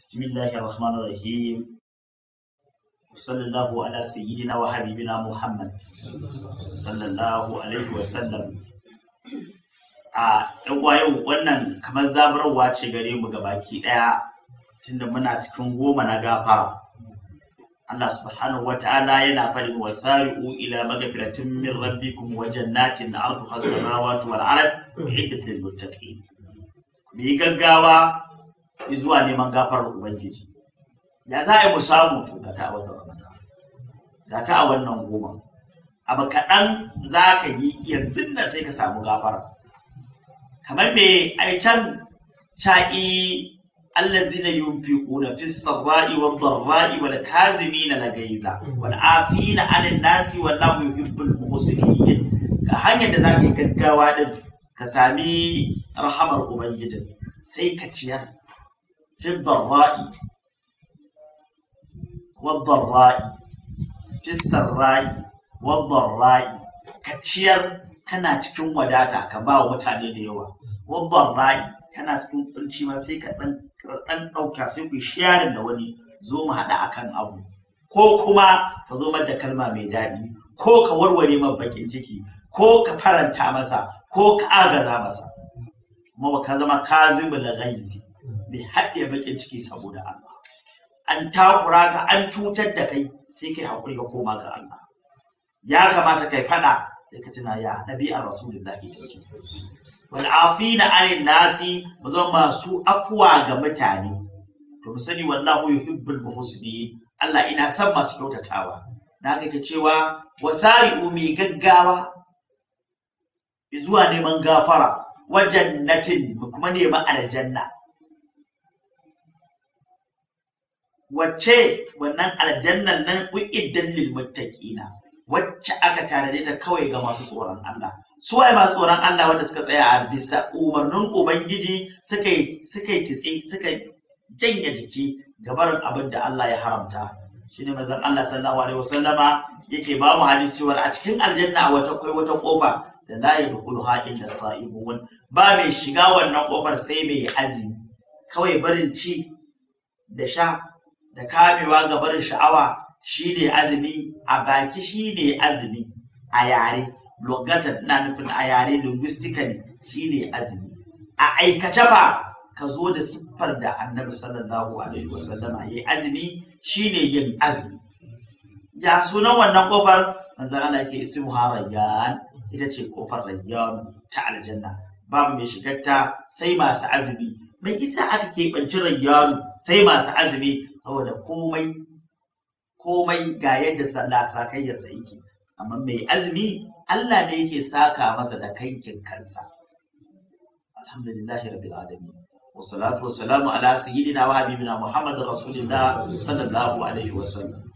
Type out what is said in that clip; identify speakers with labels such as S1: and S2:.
S1: بسم الله الرحمن الرحيم وصلى الله على سيدنا وحبيبنا محمد صلى الله عليه وسلم a ɗan yau wannan kamar zaburarwa ce gare mu gabaki ɗaya tunda muna cikin goma na gafara Allah subhanahu wa ta'ala yana faɗin wa sari'u ila magfiratin min rabbikum wa jannatin arduha as-samawati wal ard 'iddatil muttaqin bi gaggawa zuwa neman gafarar ubangiji ya za a yi mu samu ga ta a watan ramadan ga ta a wannan goma abu kaɗan za ka yi yanzu na, sai ka samu gafara kamar me ai can sha'i الذين ينفقون في السراء والضراء na الغيظ والعافين عن الناس والله يحب المحسنين ka hanyar da za ka yi gaggawa din ka sami rahamar ubangijin sai ka ciyar في الضراء والضراء في السراء والضراء كتير kana cikin wadata ka ba wa mutane da yawa wabban rai tana cikin kunci ma sai ka dan ɗauka sai ku sharing da wani zo mu haɗa akan abu ko kuma ka zo da kalma mai daɗi ko ka warware man bakin ciki ko ka faranta masa ko ka agaza masa kuma ka zama ka zuba da gaizi bai haɗe baƙin ciki saboda Allah an takura ka an cutar da kai sai kai haƙuri ka koma ga Allah ya kamata kai faɗa sai ka tuna ya ɗabi'ar rasulullahi wal afina anin nasi mu zama masu afuwa ga mutane to mu sani wallahu yuhibbul muhsini Allah ina san masu kyautatawa da haka ke cewa wasari umi gaggawa zuwa neman gafara wajen natin kuma neman aljanna wacce wannan aljannan nan uiddat lil muttaqina wacce aka tanade ta kawai ga masu tsoron Allah su waye masu tsoron Allah wanda suka tsaya a bisa umarnin ubangiji suka suka yi titsi suka janye jiki barin abin da Allah ya haramta shine manzon Allah sallallahu alaihi wasallama yake ba mu hadisi cewa a cikin aljanna wata kai wata kofa da la yadkhuluha illa sa'imun ba mai shiga wannan kofar sai mai azumi kawai barin ci da sha da kamewa ga barin sha'awa shine azumi a baki shine azumi a yare lugatan na nufin a yare linguistically shine azumi a aikace ba ka zo da siffar da annabi sallallahu alaihi ya yi azumi shine yin azumi ya sunan wannan kofar manzon Allah ke isi muharayyan ita ce kofar rayyan ta aljanna babu mai shigarta sai masu azumi mai isa aka keɓanci rayyanu sai masu azumi saboda komai komai ga yadda sakai ya sai ke amma mai azumi Allah ne yake saka masa da kankin kansa alhamdulillahi rabbil alamin wa salatu wa salamu ala sayyidina wa habibina muhammadin rasulillah sallallahu alaihi wa sallam